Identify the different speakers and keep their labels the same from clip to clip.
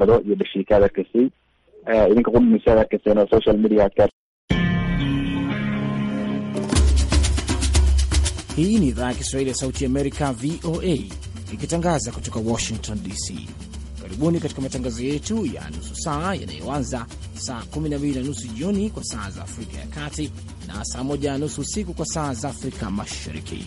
Speaker 1: khudbado iyo dhashiikaad kasay idinka qudhmisaad arkayseen oo social media Hii ni idhaa ya Kiswahili ya Sauti Amerika, VOA, ikitangaza kutoka Washington DC. Karibuni katika matangazo yetu ya nusu saa yanayoanza saa 12 na nusu jioni kwa saa za Afrika ya Kati na saa 1 na nusu usiku kwa saa za Afrika Mashariki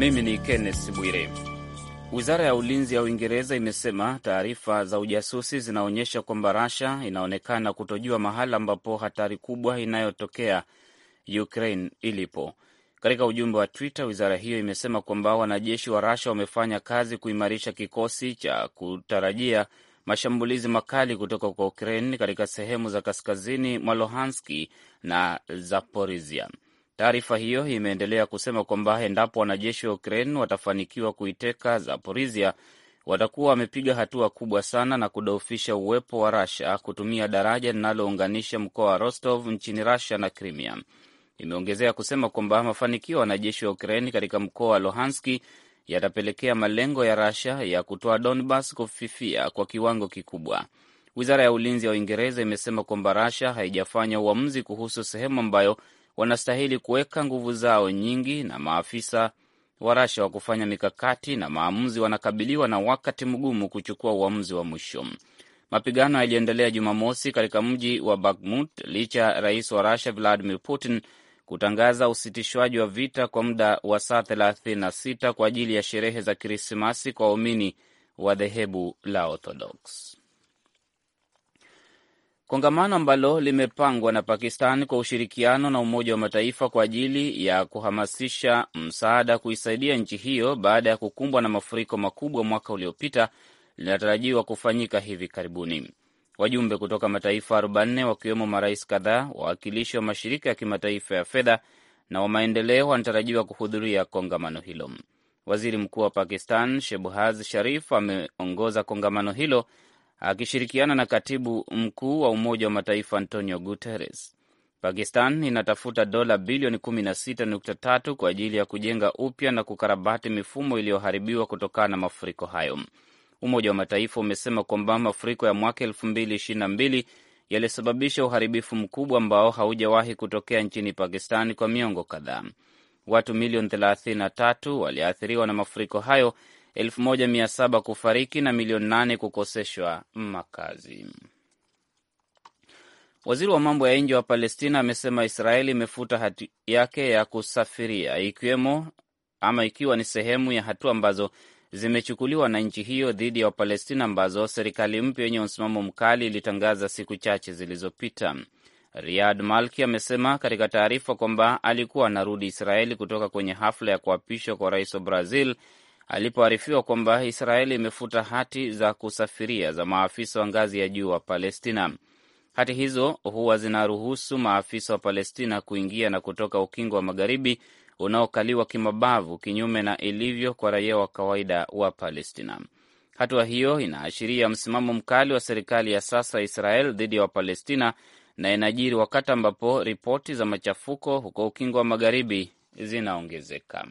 Speaker 2: Mimi ni Kenneth Bwire. Wizara ya ulinzi ya Uingereza imesema taarifa za ujasusi zinaonyesha kwamba Russia inaonekana kutojua mahala ambapo hatari kubwa inayotokea Ukraine ilipo. Katika ujumbe wa Twitter, wizara hiyo imesema kwamba wanajeshi wa Russia wamefanya kazi kuimarisha kikosi cha kutarajia mashambulizi makali kutoka kwa Ukraine katika sehemu za kaskazini mwa Luhanski na Zaporizhia. Taarifa hiyo imeendelea kusema kwamba endapo wanajeshi wa Ukraine watafanikiwa kuiteka Zaporizhia, watakuwa wamepiga hatua kubwa sana na kudhoofisha uwepo wa rasha kutumia daraja linalounganisha mkoa wa Rostov nchini rasia na Crimea. Imeongezea kusema kwamba mafanikio ya wanajeshi wa Ukraine katika mkoa wa Luhanski yatapelekea malengo ya rasha ya kutoa Donbas kufifia kwa kiwango kikubwa. Wizara ya ulinzi ya Uingereza imesema kwamba rasha haijafanya uamuzi kuhusu sehemu ambayo wanastahili kuweka nguvu zao nyingi, na maafisa wa Rasha wa kufanya mikakati na maamuzi wanakabiliwa na wakati mgumu kuchukua uamuzi wa mwisho. Mapigano yaliendelea Jumamosi katika mji wa Bakhmut licha ya rais wa Russia Vladimir Putin kutangaza usitishwaji wa vita kwa muda wa saa 36 kwa ajili ya sherehe za Krismasi kwa waumini wa dhehebu la Orthodox kongamano ambalo limepangwa na Pakistan kwa ushirikiano na Umoja wa Mataifa kwa ajili ya kuhamasisha msaada kuisaidia nchi hiyo baada ya kukumbwa na mafuriko makubwa mwaka uliopita linatarajiwa kufanyika hivi karibuni. Wajumbe kutoka mataifa 40 wakiwemo marais kadhaa, wawakilishi wa mashirika ya kimataifa ya fedha na wa maendeleo wanatarajiwa kuhudhuria kongamano hilo. Waziri Mkuu wa Pakistan shebuhaz Sharif ameongoza kongamano hilo akishirikiana na katibu mkuu wa Umoja wa Mataifa Antonio Guterres. Pakistan inatafuta dola bilioni 16.3 kwa ajili ya kujenga upya na kukarabati mifumo iliyoharibiwa kutokana na mafuriko hayo. Umoja wa Mataifa umesema kwamba mafuriko ya mwaka 2022 yalisababisha uharibifu mkubwa ambao haujawahi kutokea nchini Pakistan kwa miongo kadhaa. Watu milioni 33 waliathiriwa na mafuriko hayo elfu moja mia saba kufariki na milioni nane kukoseshwa makazi. Waziri wa mambo ya nje wa Palestina amesema Israeli imefuta hati yake ya kusafiria ikiwemo ama ikiwa ni sehemu ya hatua ambazo zimechukuliwa na nchi hiyo dhidi ya Wapalestina ambazo serikali mpya yenye msimamo mkali ilitangaza siku chache zilizopita. Riyad Malki amesema katika taarifa kwamba alikuwa anarudi Israeli kutoka kwenye hafla ya kuapishwa kwa rais wa Brazil alipoarifiwa kwamba Israeli imefuta hati za kusafiria za maafisa wa ngazi ya juu wa Palestina. Hati hizo huwa zinaruhusu maafisa wa Palestina kuingia na kutoka ukingo wa magharibi unaokaliwa kimabavu, kinyume na ilivyo kwa raia wa kawaida wa Palestina. Hatua hiyo inaashiria msimamo mkali wa serikali ya sasa Israel dhidi ya Wapalestina na inajiri wakati ambapo ripoti za machafuko huko ukingo wa magharibi zinaongezeka.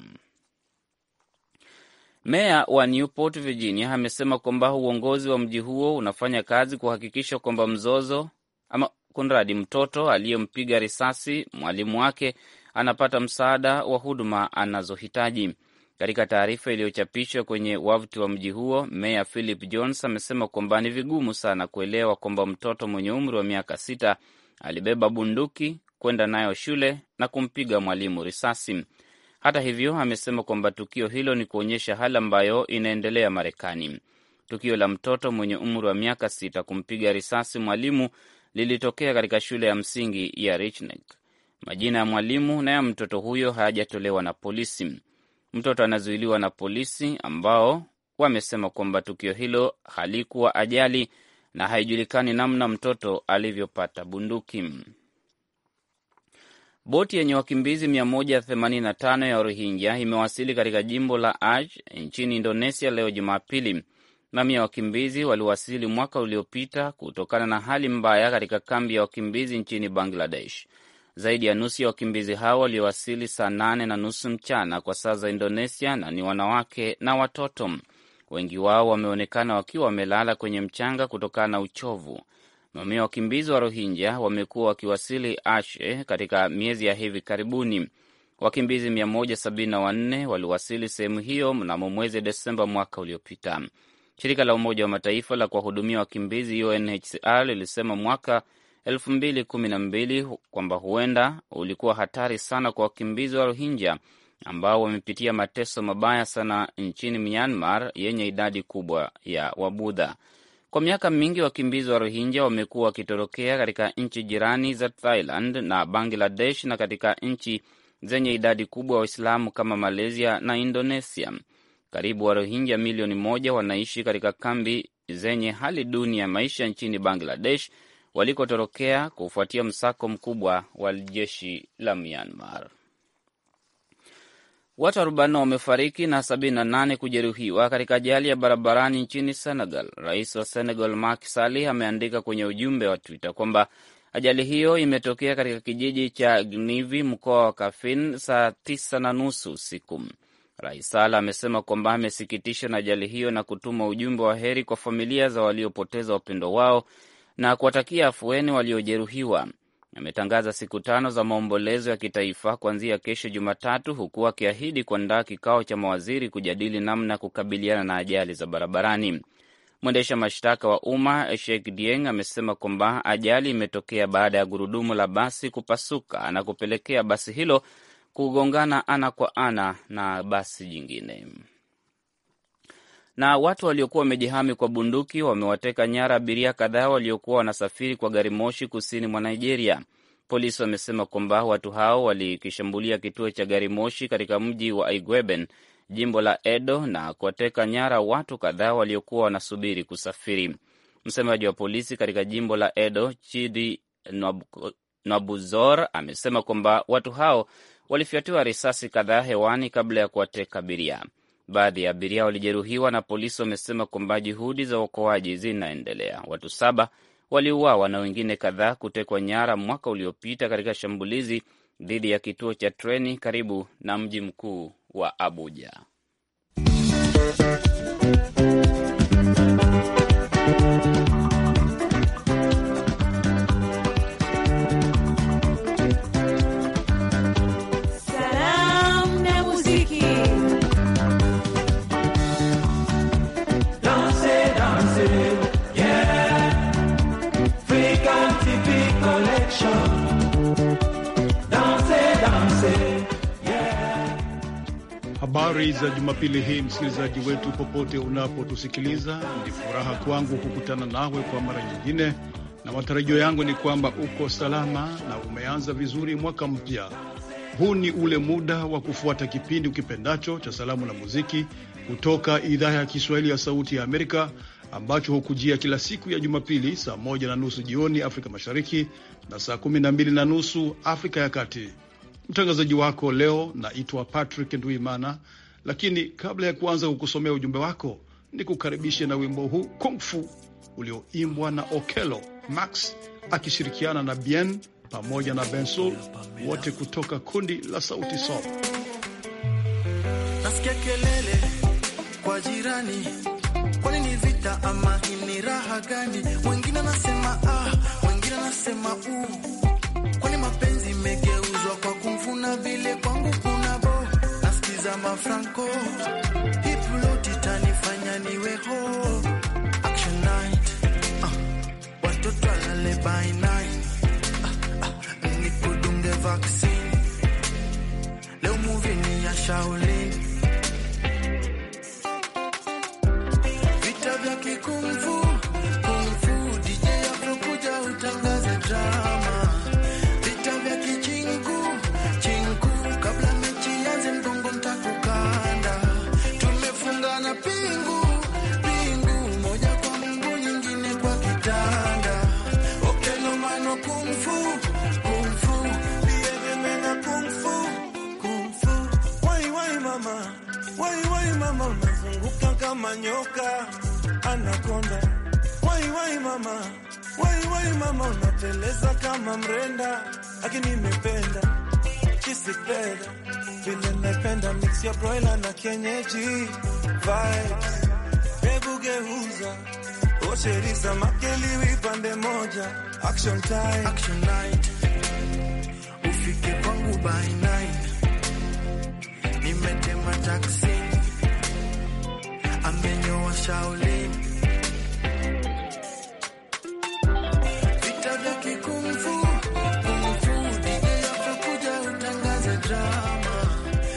Speaker 2: Meya wa Newport, Virginia amesema kwamba uongozi wa mji huo unafanya kazi kuhakikisha kwamba mzozo ama kunradi, mtoto aliyempiga risasi mwalimu wake anapata msaada wa huduma anazohitaji. Katika taarifa iliyochapishwa kwenye wavuti wa mji huo, meya Philip Jones amesema kwamba ni vigumu sana kuelewa kwamba mtoto mwenye umri wa miaka sita alibeba bunduki kwenda nayo shule na kumpiga mwalimu risasi. Hata hivyo, amesema kwamba tukio hilo ni kuonyesha hali ambayo inaendelea Marekani. Tukio la mtoto mwenye umri wa miaka sita kumpiga risasi mwalimu lilitokea katika shule ya msingi ya Richneck. Majina ya mwalimu na ya mtoto huyo hayajatolewa na polisi. Mtoto anazuiliwa na polisi ambao wamesema kwamba tukio hilo halikuwa ajali na haijulikani namna mtoto alivyopata bunduki. Boti yenye wakimbizi 185 ya Rohingya imewasili katika jimbo la Aceh nchini Indonesia leo Jumapili. Mamia ya wakimbizi waliwasili mwaka uliopita kutokana na hali mbaya katika kambi ya wakimbizi nchini Bangladesh. Zaidi ya nusu ya wakimbizi hao waliowasili saa nane na nusu mchana kwa saa za Indonesia na ni wanawake na watoto. Wengi wao wameonekana wakiwa wamelala kwenye mchanga kutokana na uchovu. Mamia wakimbizi wa Rohingya wamekuwa wakiwasili ashe katika miezi ya hivi karibuni. Wakimbizi 174 waliwasili sehemu hiyo mnamo mwezi Desemba mwaka uliopita. Shirika la Umoja wa Mataifa la kuwahudumia wakimbizi UNHCR lilisema mwaka 2012 kwamba huenda ulikuwa hatari sana kwa wakimbizi wa Rohingya ambao wamepitia mateso mabaya sana nchini Myanmar yenye idadi kubwa ya Wabudha. Kwa miaka mingi wakimbizi wa Rohingya wamekuwa wakitorokea katika nchi jirani za Thailand na Bangladesh na katika nchi zenye idadi kubwa ya Waislamu kama Malaysia na Indonesia. Karibu wa Rohingya milioni moja wanaishi katika kambi zenye hali duni ya maisha nchini Bangladesh walikotorokea kufuatia msako mkubwa wa jeshi la Myanmar. Watu 40 wamefariki na 78 kujeruhiwa katika ajali ya barabarani nchini Senegal. Rais wa Senegal Macky Sall ameandika kwenye ujumbe wa Twitter kwamba ajali hiyo imetokea katika kijiji cha Gnivi, mkoa wa Kafin, saa tisa na nusu usiku. Rais Sall amesema kwamba amesikitishwa na ajali hiyo na kutuma ujumbe wa heri kwa familia za waliopoteza wapendo wao na kuwatakia afueni waliojeruhiwa ametangaza siku tano za maombolezo ya kitaifa kuanzia kesho Jumatatu, huku akiahidi kuandaa kikao cha mawaziri kujadili namna ya kukabiliana na ajali za barabarani. Mwendesha mashtaka wa umma Sheikh Dieng amesema kwamba ajali imetokea baada ya gurudumu la basi kupasuka na kupelekea basi hilo kugongana ana kwa ana na basi jingine na watu waliokuwa wamejihami kwa bunduki wamewateka nyara abiria kadhaa waliokuwa wanasafiri kwa gari moshi kusini mwa Nigeria. Polisi wamesema kwamba watu hao walikishambulia kituo cha gari moshi katika mji wa Igweben, jimbo la Edo, na kuwateka nyara watu kadhaa waliokuwa wanasubiri kusafiri. Msemaji wa polisi katika jimbo la Edo, Chidi Nwabuzor, amesema kwamba watu hao walifyatiwa risasi kadhaa hewani kabla ya kuwateka abiria. Baadhi ya abiria walijeruhiwa na polisi wamesema kwamba juhudi za uokoaji zinaendelea. Watu saba waliuawa na wengine kadhaa kutekwa nyara mwaka uliopita katika shambulizi dhidi ya kituo cha treni karibu na mji mkuu wa Abuja.
Speaker 3: Habari za Jumapili hii, msikilizaji wetu popote unapotusikiliza, ni furaha kwangu kukutana nawe kwa mara nyingine, na matarajio yangu ni kwamba uko salama na umeanza vizuri mwaka mpya. Huu ni ule muda wa kufuata kipindi ukipendacho cha salamu na muziki kutoka idhaa ya Kiswahili ya Sauti ya Amerika ambacho hukujia kila siku ya Jumapili saa moja na nusu jioni Afrika Mashariki na saa kumi na mbili na nusu Afrika ya Kati. Mtangazaji wako leo naitwa Patrick Nduimana, lakini kabla ya kuanza kukusomea ujumbe wako, nikukaribishe na wimbo huu kungfu ulioimbwa na Okelo Max akishirikiana na Bien pamoja na Bensoul, wote kutoka kundi la Sauti
Speaker 4: Sol. Nasikia kelele kwa jirani, kwani ni vita ama ni raha gani? Wengine nasema ah, wengine nasema uh kuna vile kwangu kuna bo nasikiza mafranco hipuloti tanifanya niwe ho action night uh, watoto walale by night uh, ah, uh, ah, nikudunge vaccine leo movie ni ya shauli
Speaker 5: kama nyoka anakonda. Wai wai mama, wai wai mama, unateleza kama mrenda, lakini nimependa kisipenda vile nimependa mix ya broiler na kienyeji vibes, hebu geuza ocheriza makeli vipande moja, action time, action night,
Speaker 4: ufike kwangu by nine, nimetema taxi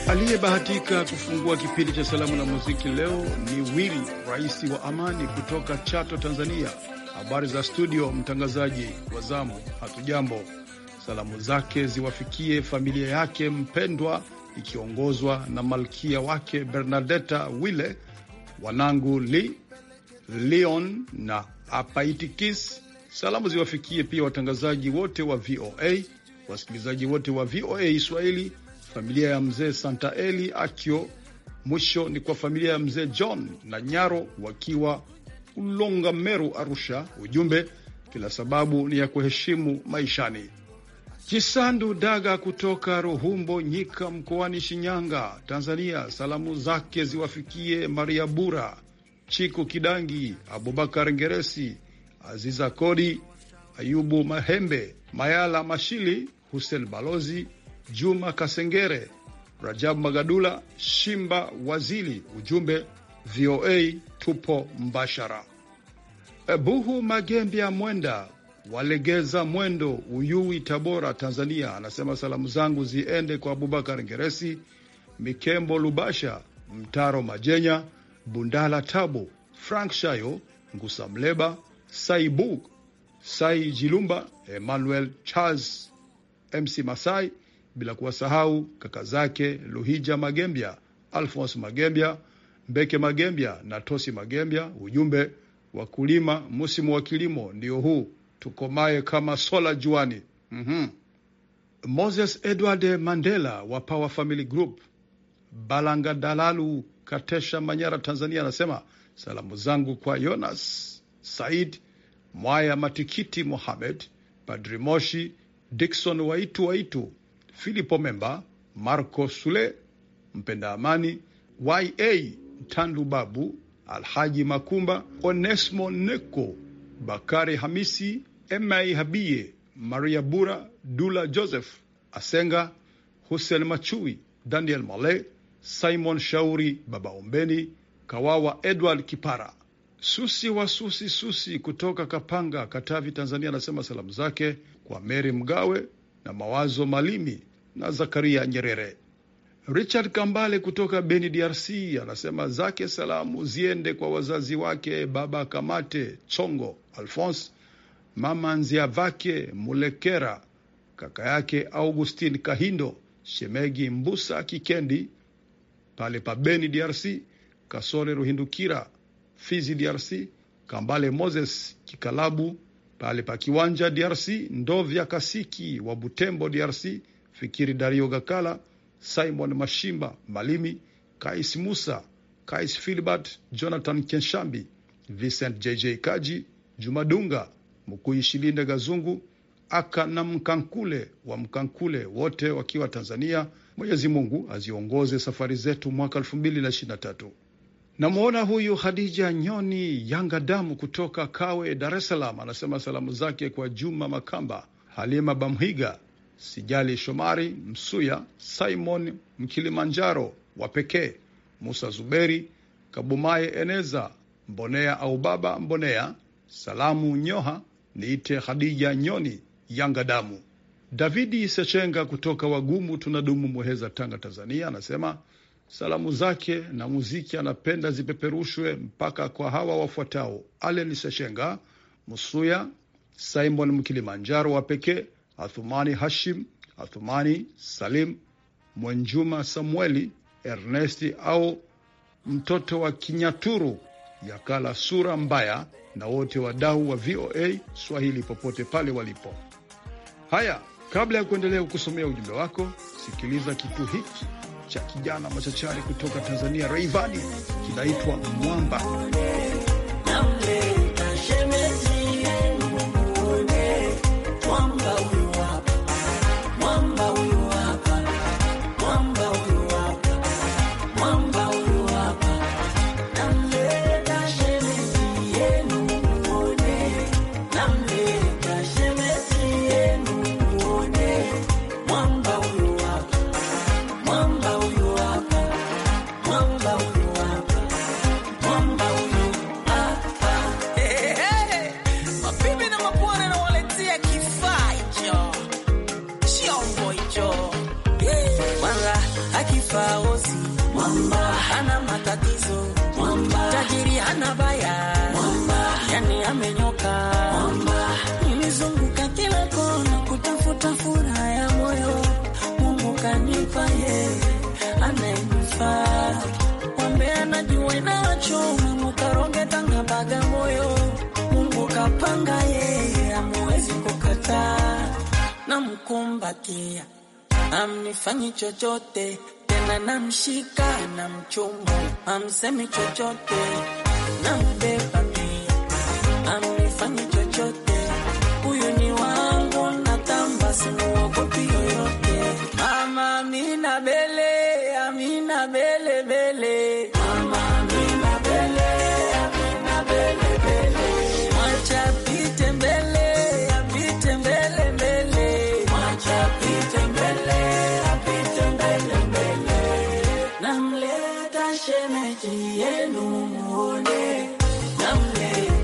Speaker 3: Aliyebahatika kufungua kipindi cha salamu na muziki leo ni wili rais wa amani kutoka Chato, Tanzania. Habari za studio, mtangazaji wa zamu, hatujambo. Salamu zake ziwafikie familia yake mpendwa ikiongozwa na malkia wake Bernadetta Wile wanangu Li Leon na Apaitikis. Salamu ziwafikie pia watangazaji wote wa VOA, wasikilizaji wote wa VOA Swahili, familia ya mzee santa eli Akio. Mwisho ni kwa familia ya mzee John na Nyaro wakiwa Ulonga Meru, Arusha. Ujumbe, kila sababu ni ya kuheshimu maishani. Chisandu Daga kutoka Ruhumbo Nyika mkoani Shinyanga, Tanzania. Salamu zake ziwafikie Maria Bura, Chiku Kidangi, Abubakar Ngeresi, Aziza Kodi, Ayubu Mahembe, Mayala Mashili, Hussein Balozi, Juma Kasengere, Rajabu Magadula, Shimba Wazili. Ujumbe VOA tupo mbashara. Buhu Magembia Mwenda Walegeza Mwendo, Uyui, Tabora, Tanzania, anasema salamu zangu ziende kwa Abubakar Ngeresi, Mikembo Lubasha, Mtaro Majenya, Bundala Tabo, Frank Shayo, Ngusa Mleba, Saibu Sai Jilumba, Emmanuel Charles, MC Masai, bila kuwasahau kaka zake Luhija Magembya, Alfons Magembya, Mbeke Magembya na Tosi Magembya. Ujumbe, wa kulima msimu wa kilimo ndio huu tukomae kama sola juani. mm -hmm. Moses Edward Mandela wa Power Family Group Balanga Dalalu, Katesha, Manyara, Tanzania anasema salamu zangu kwa Jonas Said Mwaya, Matikiti Mohamed, Padri Moshi, Dikson Waitu Waitu, Filipo Memba, Marco Sule, Mpenda Amani, Ya tandu Babu Alhaji Makumba, Onesmo Neko, Bakari Hamisi Mai Habie, Maria Bura, Dula Joseph, Asenga, Hussein Machui, Daniel Male, Simon Shauri, Baba Ombeni, Kawawa Edward Kipara. Susi wa Susi Susi kutoka Kapanga, Katavi, Tanzania anasema salamu zake kwa Mary Mgawe na Mawazo Malimi na Zakaria Nyerere. Richard Kambale kutoka Beni, DRC anasema zake salamu ziende kwa wazazi wake baba Kamate Chongo Alphonse Mama Nziavake Mulekera, kaka yake Augustin Kahindo, shemegi Mbusa Kikendi pale Pabeni DRC, Kasore Ruhindukira Fizi DRC, Kambale Moses Kikalabu pale pa Kiwanja DRC, Ndovya Kasiki wa Butembo DRC, Fikiri Dario Gakala, Simon Mashimba Malimi, Kais Musa, Kais filibert Jonathan Kenshambi, Vincent JJ Kaji, Jumadunga Mkuishilinde Gazungu aka na Mkankule wa Mkankule, wote wakiwa Tanzania. Mwenyezi Mungu aziongoze safari zetu mwaka elfu mbili na ishirini na tatu. Namwona huyu hadija Nyoni Yanga Damu kutoka Kawe, Dar es Salaam, anasema salamu zake kwa Juma Makamba, Halima Bamhiga, Sijali Shomari Msuya, Simon Mkilimanjaro wa pekee, Musa Zuberi Kabumaye, Eneza Mbonea au Baba Mbonea, salamu Nyoha Niite Khadija Nyoni Yanga damu. Davidi Sechenga kutoka Wagumu tunadumu Muheza, Tanga, Tanzania, anasema salamu zake na muziki anapenda zipeperushwe mpaka kwa hawa wafuatao: Allen Sechenga, Musuya Simon Mkilimanjaro wa pekee, Athumani Hashim, Athumani Salim, Mwenjuma Samueli, Ernesti au mtoto wa Kinyaturu yakala sura mbaya, na wote wadau wa VOA Swahili popote pale walipo. Haya, kabla ya kuendelea kusomea ujumbe wako, sikiliza kitu hiki cha kijana machachari kutoka Tanzania, Rayvanny, kinaitwa Mwamba.
Speaker 5: yani amenyoka. Nilizunguka kila kona kutafuta furaha ya moyo, Mungu kanipa yeye anayenifaa. Wambe anajua inawachoma, mukaronge Tanga moyo Mungu kapanga yeye, amuwezi kukataa. namkumbatia amnifanyi chochote tena, namshika na mchungu, amsemi chochote, nambeba anifanye chochote, huyu ni wangu na tamba, simuogopi yoyote. Mama Amina Bele, namleta shemeji yenu muone, namleta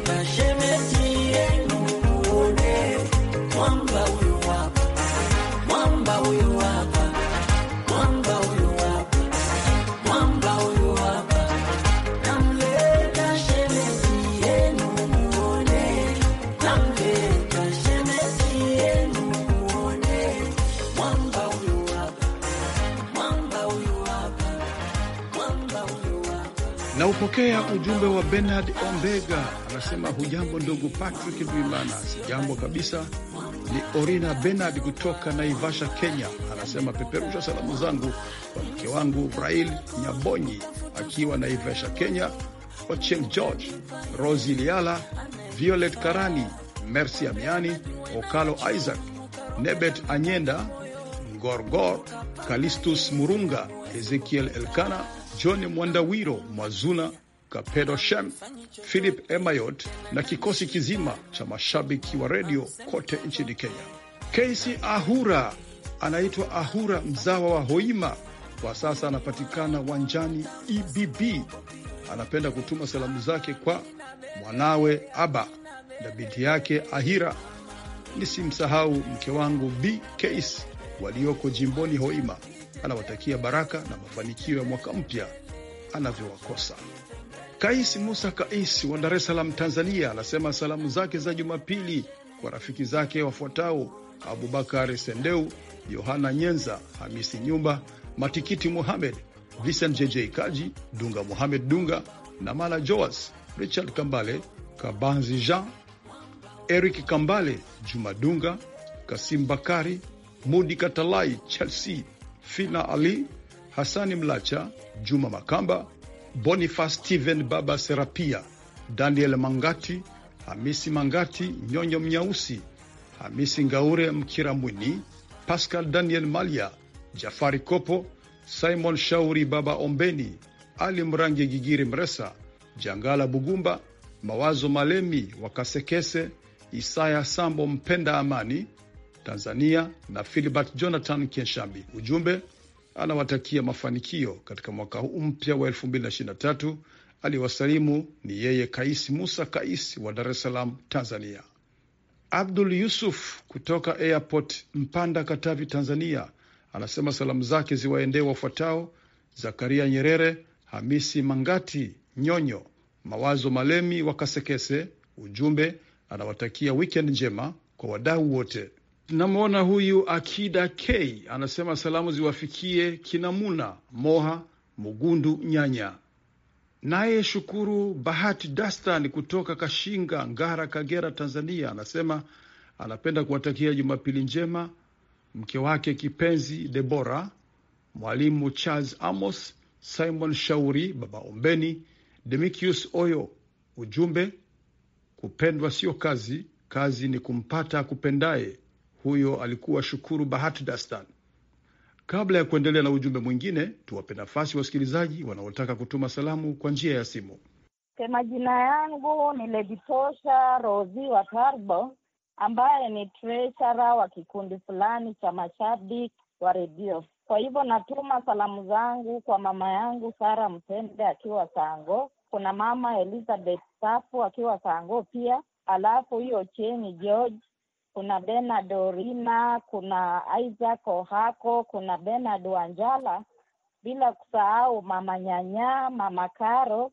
Speaker 3: Nimepokea ujumbe wa Bernard Ombega, anasema hujambo ndugu Patrick si jambo kabisa, ni Orina Bernard kutoka Naivasha, Kenya. Anasema peperusha salamu zangu kwa mke wangu Brail Nyabonyi akiwa Naivasha, Kenya, Ochieng George, Rosi Liala, Violet Karani, Mercy Amiani, Okalo Isaac, Nebet Anyenda, Gorgor, Kalistus Murunga, Ezekiel Elkana John Mwandawiro Mwazuna Kapedo Shem, Philip Emayot na kikosi kizima cha mashabiki wa redio kote nchini Kenya. Casey Ahura anaitwa Ahura, mzawa wa Hoima, kwa sasa anapatikana wanjani EBB. Anapenda kutuma salamu zake kwa mwanawe Aba na binti yake Ahira, nisimsahau mke wangu B Case walioko jimboni Hoima anawatakia baraka na mafanikio ya mwaka mpya anavyowakosa. Kais Musa Kais wa Dar es Salaam, Tanzania, anasema salamu zake za Jumapili kwa rafiki zake wafuatao: Abubakar Sendeu, Yohana Nyenza, Hamisi Nyumba, Matikiti Muhamed, Vincent JJ Kaji, Dunga Muhamed Dunga na Mala Joas, Richard Kambale, Kabanzi Jean, Eric Kambale, Juma Dunga, Kasim Bakari, Mudi Katalai, Chelsea Fina Ali, Hasani Mlacha, Juma Makamba, Boniface Steven, Baba Serapia, Daniel Mangati, Hamisi Mangati, Nyonyo Mnyausi, Hamisi Ngaure, Mkiramwini, Pascal Daniel Malia, Jafari Kopo, Simon Shauri, Baba Ombeni, Ali Mrangi, Gigiri Mresa, Jangala Bugumba, Mawazo Malemi, Wakasekese, Isaya Sambo, Mpenda Amani, Tanzania na Philbert Jonathan Kenshambi. Ujumbe anawatakia mafanikio katika mwaka huu mpya wa 2023. Aliwasalimu ni yeye Kais Musa Kais wa Dar es Salaam, Tanzania. Abdul Yusuf kutoka airport Mpanda, Katavi, Tanzania, anasema salamu zake ziwaendee wafuatao: Zakaria Nyerere, Hamisi Mangati, Nyonyo Mawazo Malemi wa Kasekese. Ujumbe anawatakia wikendi njema kwa wadau wote namwona huyu Akida K anasema salamu ziwafikie Kinamuna Moha Mugundu Nyanya. Naye Shukuru Bahati Dastan kutoka Kashinga Ngara, Kagera, Tanzania anasema anapenda kuwatakia Jumapili njema mke wake kipenzi Debora, mwalimu Charles Amos, Simon Shauri, baba Ombeni, Demikius Oyo. Ujumbe, kupendwa sio kazi, kazi ni kumpata kupendaye huyo alikuwa Shukuru bahat Dastan. Kabla ya kuendelea na ujumbe mwingine, tuwape nafasi wasikilizaji wanaotaka kutuma salamu kwa njia ya simu.
Speaker 2: sema jina yangu ni Leditosha Rozi wa Tarbo, ambaye ni treasurer wa kikundi fulani cha mashabiki wa redio. Kwa hivyo natuma salamu zangu kwa mama yangu Sara Mtende akiwa Sango, kuna mama Elizabeth Safu akiwa Sango pia, alafu hiyo Cheni George kuna Benard Orina, kuna Isaac Ohako, kuna Benard Wanjala, bila kusahau mama Nyanya, mama Karo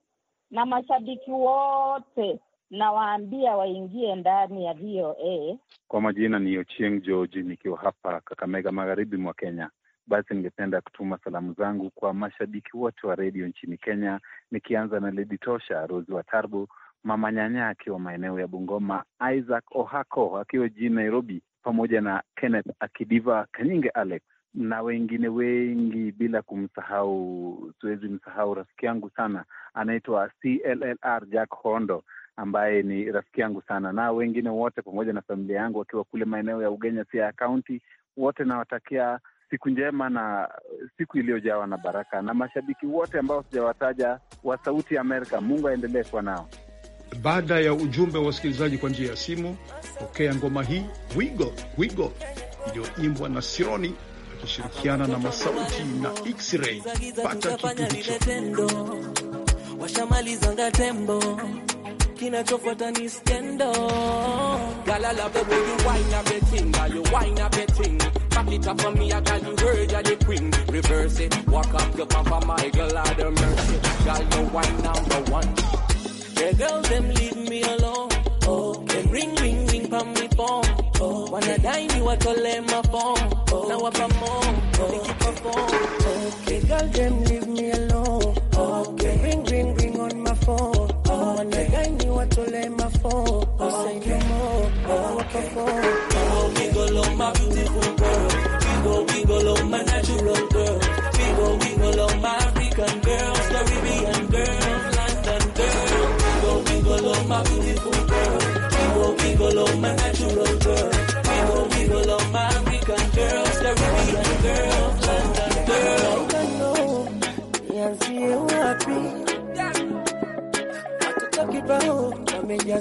Speaker 2: na mashabiki wote nawaambia waingie ndani ya VOA.
Speaker 3: Kwa majina ni
Speaker 2: Ochieng George, nikiwa hapa Kakamega, magharibi mwa Kenya. Basi ningependa kutuma salamu zangu kwa mashabiki wote wa redio nchini Kenya, nikianza na Ledi Tosha, Rosi wa Tarbo, Mama Nyanya akiwa maeneo ya Bungoma, Isaac Ohako akiwa jijini Nairobi, pamoja na Kenneth Akidiva Kanyinge Alex na wengine wengi, bila kumsahau, siwezi msahau rafiki yangu sana anaitwa CLLR Jack Hondo ambaye ni rafiki yangu sana, na wengine wote pamoja na familia yangu wakiwa kule maeneo ya Ugenya, Siaya Kaunti. Wote nawatakia siku njema na siku iliyojawa na baraka, na mashabiki wote ambao sijawataja wa Sauti ya Amerika, Mungu aendelee kuwa nao.
Speaker 3: Baada ya ujumbe wa wasikilizaji kwa njia ya simu, pokea ngoma hii wigo wigo, iliyoimbwa na Sironi akishirikiana na Masauti na X-Ray.
Speaker 5: Pata kitu hicho. Back
Speaker 1: it up for me, I got you heard the queen. Reverse it, walk up your papa, my girl, out of mercy. you wine number one. The girl them leave me alone. Oh, them ring ring ring from me phone. Oh, wanna
Speaker 5: die You a call them my phone. Oh, now I'm on. Oh, they keep on phone. Oh, the girl them leave me alone. Oh, them ring ring ring on my phone. Oh, wanna die You a call them my phone. Oh, say no more. Oh, okay. Oh, okay.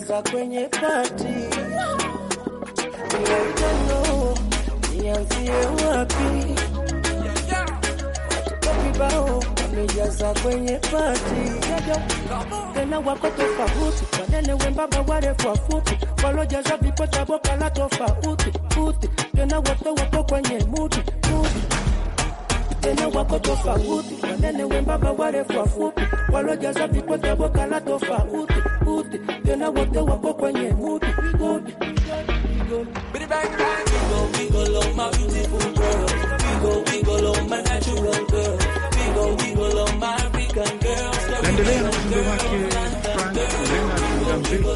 Speaker 5: Nimetoka kwenye pati, inautano nianzie wapi? Kibao amejaza kwenye pati, tena wako tofauti, wanene wembamba, warefu wafupi, walojaza vipota boka la tofauti futi, tena wote wako kwenye muti muti tena wako tofauti, wanene wembamba, warefu wafupi, walojaza vipota boka la tofauti muti, tena wote wako kwenye muti. Naendelea mtindo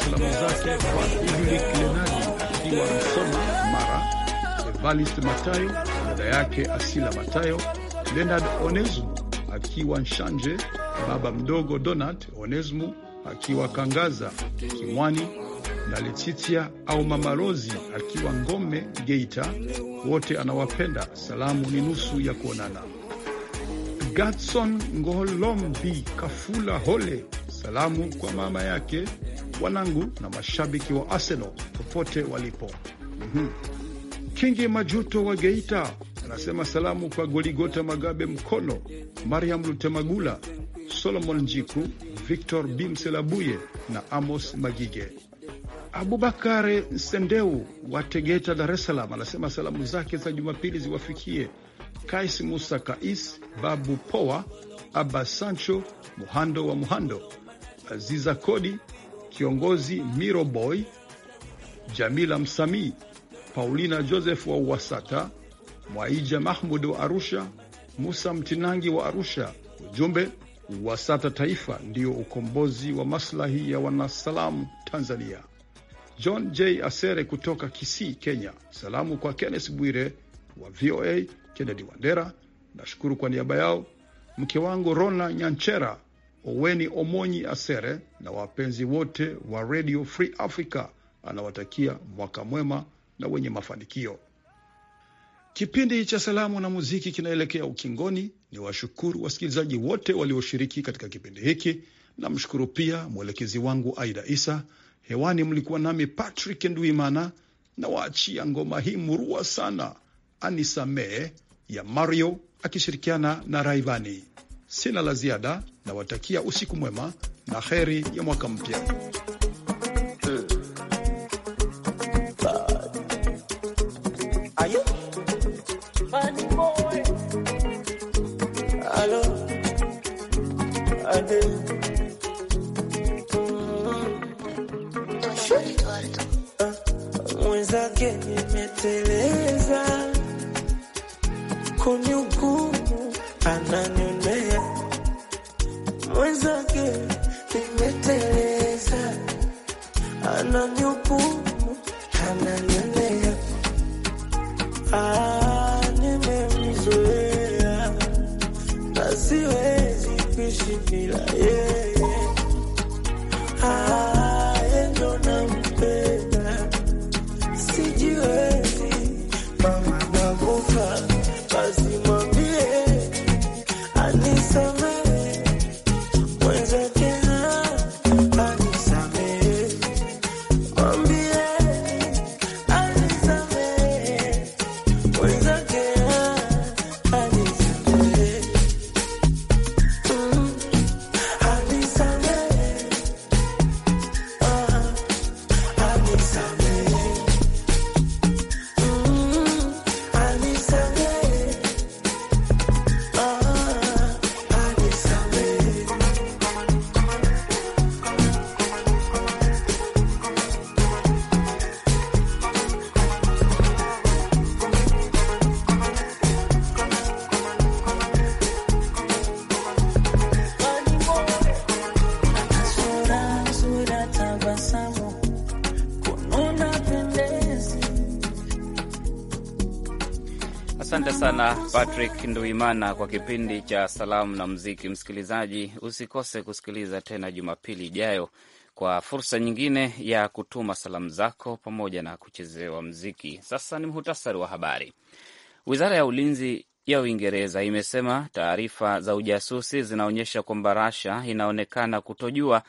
Speaker 3: salamu zake kwa Ujulik Lenadi akiwa Msoma Mara, Evalist Matayo, dada yake Asila Matayo Leonard onesmu akiwa Nshanje, baba mdogo Donat onesmu akiwa Kangaza Kimwani, na Letitia au Mama Rozi akiwa Ngome Geita. Wote anawapenda. Salamu ni nusu ya kuonana. Gatson Ngolombi Kafula Hole, salamu kwa mama yake, wanangu na mashabiki wa Arsenal popote walipo. mm -hmm. Kingi Majuto wa Geita, anasema salamu kwa Goligota Magabe mkono Mariam Lutemagula, Solomon Njiku, Victor Bimselabuye na Amos Magige. Abubakar Sendeu wa Tegeta, Dar es Salaam, anasema salamu zake za Jumapili ziwafikie Kais Musa Kais, Babu Poa, Abba Sancho, Muhando wa Muhando, Aziza Kodi, Kiongozi miroboy Jamila Msamii, Paulina Joseph wa Uwasata, Mwaija Mahmud wa Arusha, Musa Mtinangi wa Arusha. Ujumbe wasata taifa ndiyo ukombozi wa maslahi ya wanasalamu Tanzania. John J Asere kutoka Kisii, Kenya, salamu kwa kennes Bwire wa VOA, Kennedy Wandera, nashukuru kwa niaba yao, mke wangu Rona Nyanchera, Oweni Omonyi Asere na wapenzi wote wa Radio Free Africa. Anawatakia mwaka mwema na wenye mafanikio. Kipindi cha salamu na muziki kinaelekea ukingoni. Ni washukuru wasikilizaji wote walioshiriki katika kipindi hiki. Namshukuru pia mwelekezi wangu Aida Isa. Hewani mlikuwa nami Patrick Nduimana, na waachia ngoma hii murua sana, anisamehe ya Mario akishirikiana na Raivani. Sina la ziada, nawatakia usiku mwema na heri ya mwaka mpya.
Speaker 4: zake
Speaker 5: nimeteleza, kunihukumu ananionea mwenzake nimeteleza, ananihukumu ananionea ah, nimemzoea na siwezi kuishi bila yeye.
Speaker 2: Patrick Nduimana kwa kipindi cha salamu na mziki. Msikilizaji, usikose kusikiliza tena Jumapili ijayo kwa fursa nyingine ya kutuma salamu zako pamoja na kuchezewa mziki. Sasa ni muhtasari wa habari. Wizara ya ulinzi ya Uingereza imesema taarifa za ujasusi zinaonyesha kwamba Rasha inaonekana kutojua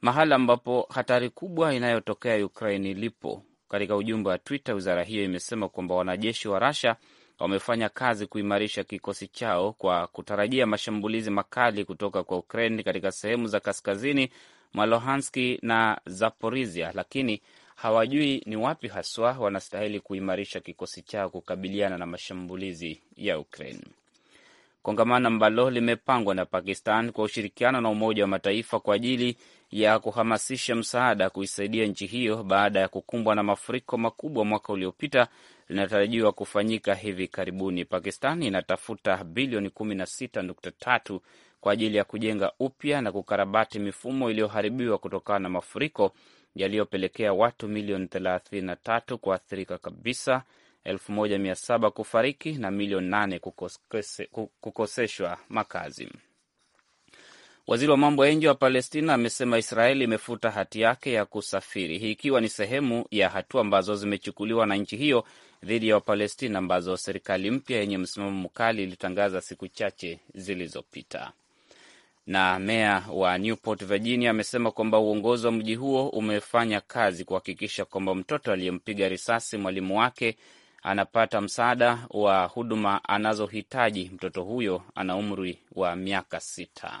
Speaker 2: mahala ambapo hatari kubwa inayotokea Ukraini ilipo. Katika ujumbe wa Twitter, wizara hiyo imesema kwamba wanajeshi wa Rasha wamefanya kazi kuimarisha kikosi chao kwa kutarajia mashambulizi makali kutoka kwa Ukraine katika sehemu za kaskazini mwa Luhanski na zaporizia lakini hawajui ni wapi haswa wanastahili kuimarisha kikosi chao kukabiliana na mashambulizi ya Ukraine. Kongamano ambalo limepangwa na Pakistan kwa ushirikiano na Umoja wa Mataifa kwa ajili ya kuhamasisha msaada kuisaidia nchi hiyo baada ya kukumbwa na mafuriko makubwa mwaka uliopita linatarajiwa kufanyika hivi karibuni. Pakistan inatafuta bilioni 16.3 kwa ajili ya kujenga upya na kukarabati mifumo iliyoharibiwa kutokana na mafuriko yaliyopelekea watu milioni 33 kuathirika kabisa, 1700 kufariki na milioni 8 kukose, kukoseshwa makazi. Waziri wa mambo ya nje wa Palestina amesema Israeli imefuta hati yake ya kusafiri, hii ikiwa ni sehemu ya hatua ambazo zimechukuliwa na nchi hiyo dhidi ya Wapalestina ambazo serikali mpya yenye msimamo mkali ilitangaza siku chache zilizopita. Na meya wa Newport, Virginia amesema kwamba uongozi wa mji huo umefanya kazi kuhakikisha kwamba mtoto aliyempiga risasi mwalimu wake anapata msaada wa huduma anazohitaji. Mtoto huyo ana umri wa miaka sita.